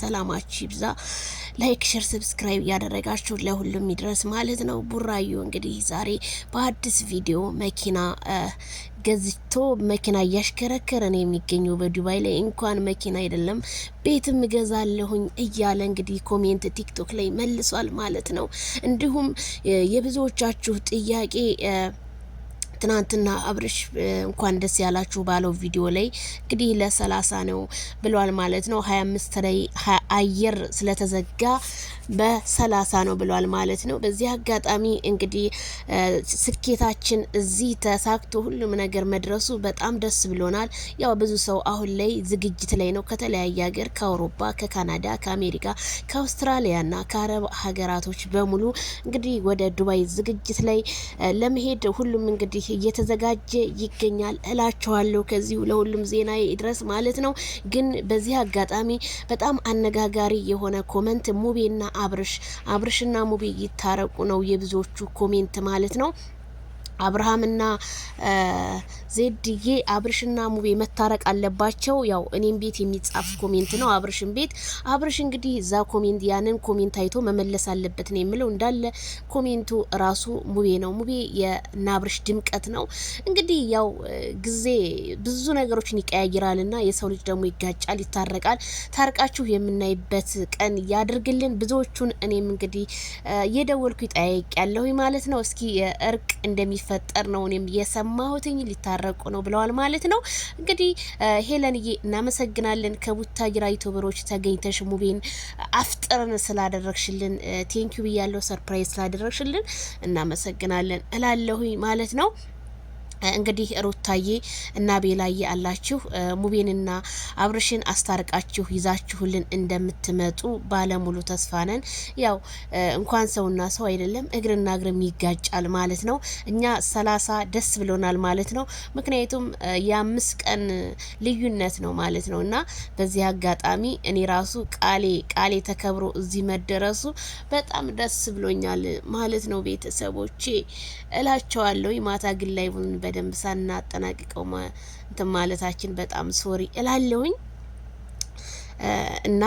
ሰላማችሁ ይብዛ። ላይክ፣ ሸር፣ ሰብስክራይብ እያደረጋችሁ ለሁሉም ይድረስ ማለት ነው። ቡራዩ እንግዲህ ዛሬ በአዲስ ቪዲዮ መኪና ገዝቶ መኪና እያሽከረከረ ነው የሚገኘው በዱባይ ላይ። እንኳን መኪና አይደለም ቤትም እገዛለሁኝ እያለ እንግዲህ ኮሜንት ቲክቶክ ላይ መልሷል ማለት ነው። እንዲሁም የብዙዎቻችሁ ጥያቄ ትናንትና አብርሽ እንኳን ደስ ያላችሁ ባለው ቪዲዮ ላይ እንግዲህ ለሰላሳ ነው ብሏል ማለት ነው። ሀያ አምስት ላይ አየር ስለተዘጋ በሰላሳ ነው ብሏል ማለት ነው። በዚህ አጋጣሚ እንግዲህ ስኬታችን እዚህ ተሳክቶ ሁሉም ነገር መድረሱ በጣም ደስ ብሎናል። ያው ብዙ ሰው አሁን ላይ ዝግጅት ላይ ነው። ከተለያየ ሀገር ከአውሮፓ፣ ከካናዳ፣ ከአሜሪካ፣ ከአውስትራሊያና ከአረብ ሀገራቶች በሙሉ እንግዲህ ወደ ዱባይ ዝግጅት ላይ ለመሄድ ሁሉም እንግዲህ እንግዲህ እየተዘጋጀ ይገኛል እላችኋለሁ። ከዚሁ ለሁሉም ዜና ድረስ ማለት ነው። ግን በዚህ አጋጣሚ በጣም አነጋጋሪ የሆነ ኮመንት ሙቤና አብርሽ አብርሽና ሙቤ ይታረቁ ነው የብዙዎቹ ኮሜንት ማለት ነው። አብርሃምና ዜድዬ አብርሽና ሙቤ መታረቅ አለባቸው። ያው እኔም ቤት የሚጻፍ ኮሜንት ነው አብርሽን ቤት አብርሽ እንግዲህ እዛ ኮሜንት ያንን ኮሜንት አይቶ መመለስ አለበት ነው የምለው። እንዳለ ኮሜንቱ ራሱ ሙቤ ነው። ሙቤ የናብርሽ ድምቀት ነው። እንግዲህ ያው ጊዜ ብዙ ነገሮችን ይቀያይራል እና የሰው ልጅ ደግሞ ይጋጫል፣ ይታረቃል። ታርቃችሁ የምናይበት ቀን ያድርግልን። ብዙዎቹን እኔም እንግዲህ የደወልኩ ይጠያይቅ ያለሁ ማለት ነው። እስኪ እርቅ እንደሚ ሊፈጠር ነው እኔም የሰማሁትኝ ሊታረቁ ነው ብለዋል ማለት ነው። እንግዲህ ሄለንዬ እናመሰግናለን። ከቡታጅራ ዩቱበሮች ተገኝተሽ ሙቤን አፍጥረን ስላደረግሽልን ቴንኪዩ ብያለው። ሰርፕራይዝ ስላደረግሽልን እናመሰግናለን እላለሁኝ ማለት ነው። እንግዲህ ሩታዬ እና ቤላዬ አላችሁ ሙቤንና አብርሽን አስታርቃችሁ ይዛችሁልን እንደምትመጡ ባለሙሉ ተስፋ ነን። ያው እንኳን ሰውና ሰው አይደለም እግርና እግርም ይጋጫል ማለት ነው። እኛ ሰላሳ ደስ ብሎናል ማለት ነው። ምክንያቱም የአምስት ቀን ልዩነት ነው ማለት ነው እና በዚህ አጋጣሚ እኔ ራሱ ቃሌ ቃሌ ተከብሮ እዚህ መደረሱ በጣም ደስ ብሎኛል ማለት ነው። ቤተሰቦቼ እላቸዋለሁ ማታ ግን ላይ በደንብ ሳናጠናቅቀው እንትን ማለታችን በጣም ሶሪ እላለሁኝ እና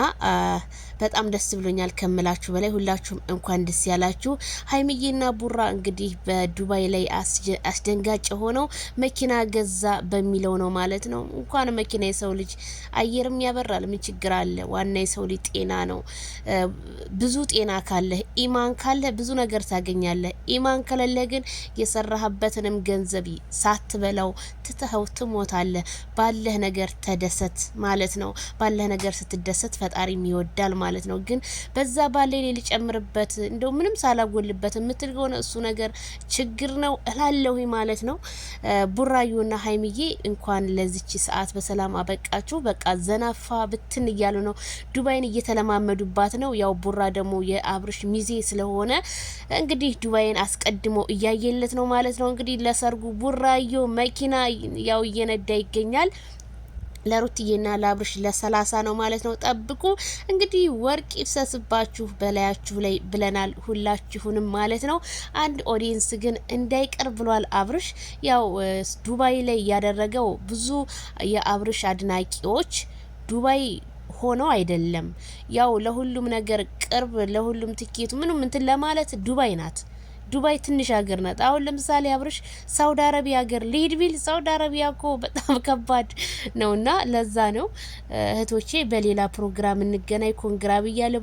በጣም ደስ ብሎኛል ከምላችሁ በላይ ሁላችሁም እንኳን ደስ ያላችሁ። ሀይምዬና ቡራ እንግዲህ በዱባይ ላይ አስደንጋጭ የሆነው መኪና ገዛ በሚለው ነው ማለት ነው። እንኳን መኪና የሰው ልጅ አየርም ያበራል። ምን ችግር አለ? ዋና የሰው ልጅ ጤና ነው። ብዙ ጤና ካለህ ኢማን ካለ ብዙ ነገር ታገኛለህ። ኢማን ከሌለ ግን የሰራህበትንም ገንዘብ ሳትበላው ትተኸው ትሞታለህ። ባለህ ነገር ተደሰት ማለት ነው። ባለህ ነገር ስትደሰት ፈጣሪም ይወዳል ማለት ማለት ነው። ግን በዛ ባሌ ላይ ሊጨምርበት እንደው ምንም ሳላጎልበት የምትል ከሆነ እሱ ነገር ችግር ነው እላለሁ ማለት ነው። ቡራዩና ሀይሚዬ እንኳን ለዚች ሰዓት በሰላም አበቃችሁ። በቃ ዘናፋ ብትን እያሉ ነው። ዱባይን እየተለማመዱባት ነው። ያው ቡራ ደግሞ የአብርሽ ሚዜ ስለሆነ እንግዲህ ዱባይን አስቀድሞ እያየለት ነው ማለት ነው። እንግዲህ ለሰርጉ ቡራዮ መኪና ያው እየነዳ ይገኛል። ለሩትዬና ለአብርሽ ለሰላሳ ነው ማለት ነው። ጠብቁ እንግዲህ ወርቅ ይፍሰስባችሁ በላያችሁ ላይ ብለናል ሁላችሁንም ማለት ነው። አንድ ኦዲየንስ ግን እንዳይቀር ብሏል። አብርሽ ያው ዱባይ ላይ ያደረገው ብዙ የአብርሽ አድናቂዎች ዱባይ ሆኖ አይደለም ያው ለሁሉም ነገር ቅርብ ለሁሉም ትኬቱ ምንም እንትን ለማለት ዱባይ ናት። ዱባይ ትንሽ ሀገር ናት። አሁን ለምሳሌ አብርሽ ሳውዲ አረቢያ ሀገር ሊሄድ ቢል ሳውዲ አረቢያ በጣም ከባድ ነውና ለዛ ነው እህቶቼ፣ በሌላ ፕሮግራም እንገናኝ። ኮንግራብ እያለው